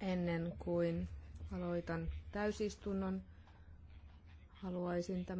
Ennen kuin aloitan täysistunnon, haluaisin tämän